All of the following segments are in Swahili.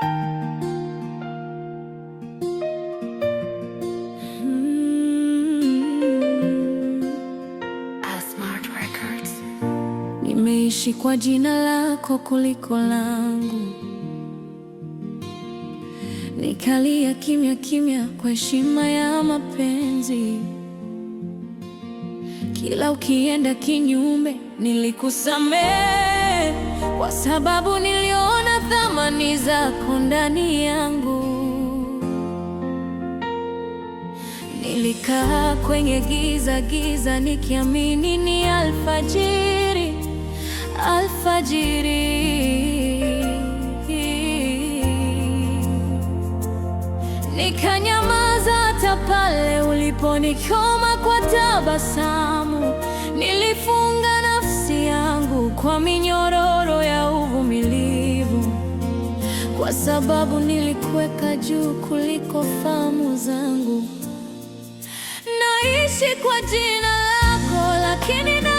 Hmm. kwa jina lako kuliko langu, nikalia kimya kimya kwa heshima ya mapenzi. Kila ukienda kinyume nilikusamehe kwa sababu niliona thamani zako ndani yangu. Nilikaa kwenye giza giza, nikiamini ni alfajiri, alfajiri. Nikanyamaza hata pale uliponikoma kwa tabasamu. Nilifunga nafsi yangu kwa minyororo kwa sababu nilikuweka juu kuliko fahamu zangu. Naishi kwa jina lako lakini na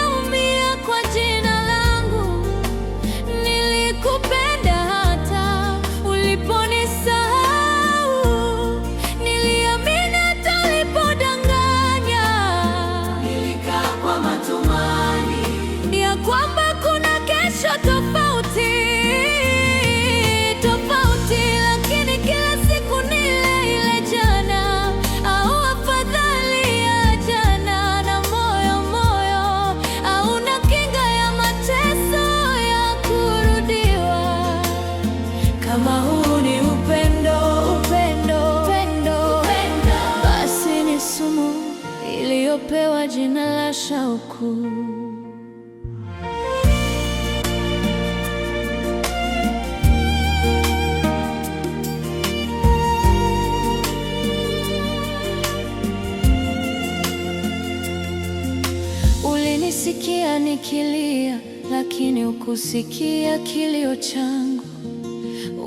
ulinisikia nikilia, lakini ukusikia kilio changu.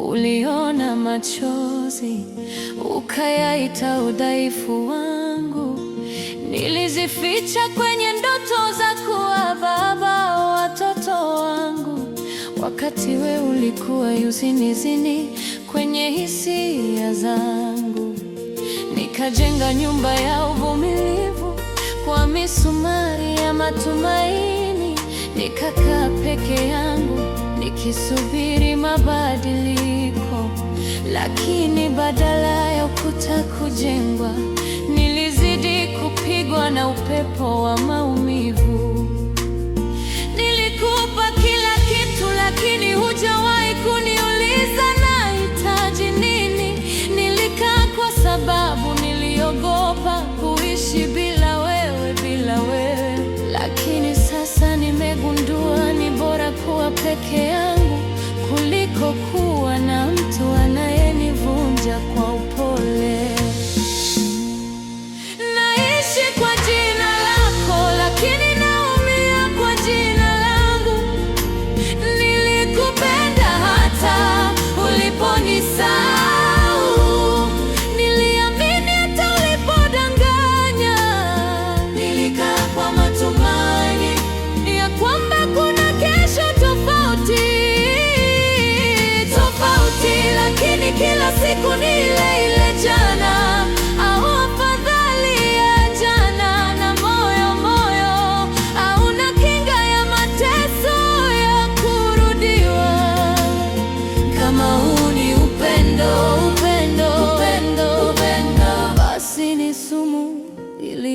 Uliona machozi, ukayaita udhaifu wangu nilizificha kwenye ndoto za kuwa baba wa watoto wangu, wakati we ulikuwa yuzinizini kwenye hisia zangu. Nikajenga nyumba ya uvumilivu kwa misumari ya matumaini, nikakaa peke yangu nikisubiri mabadiliko, lakini badala ya ukuta kujengwa upepo wa maumivu. Nilikupa kila kitu, lakini hujawahi kuniuliza nahitaji nini. Nilikaa kwa sababu niliogopa kuishi bila wewe, bila wewe. Lakini sasa nimegundua ni bora kuwa peke yangu.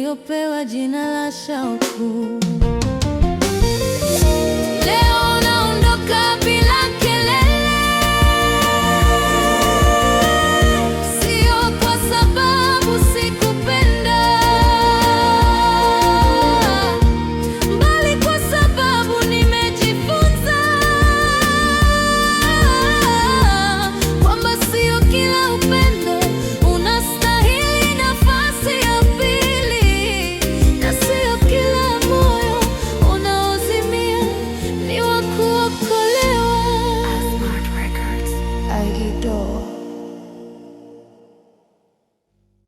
iliyopewa jina la shauku leo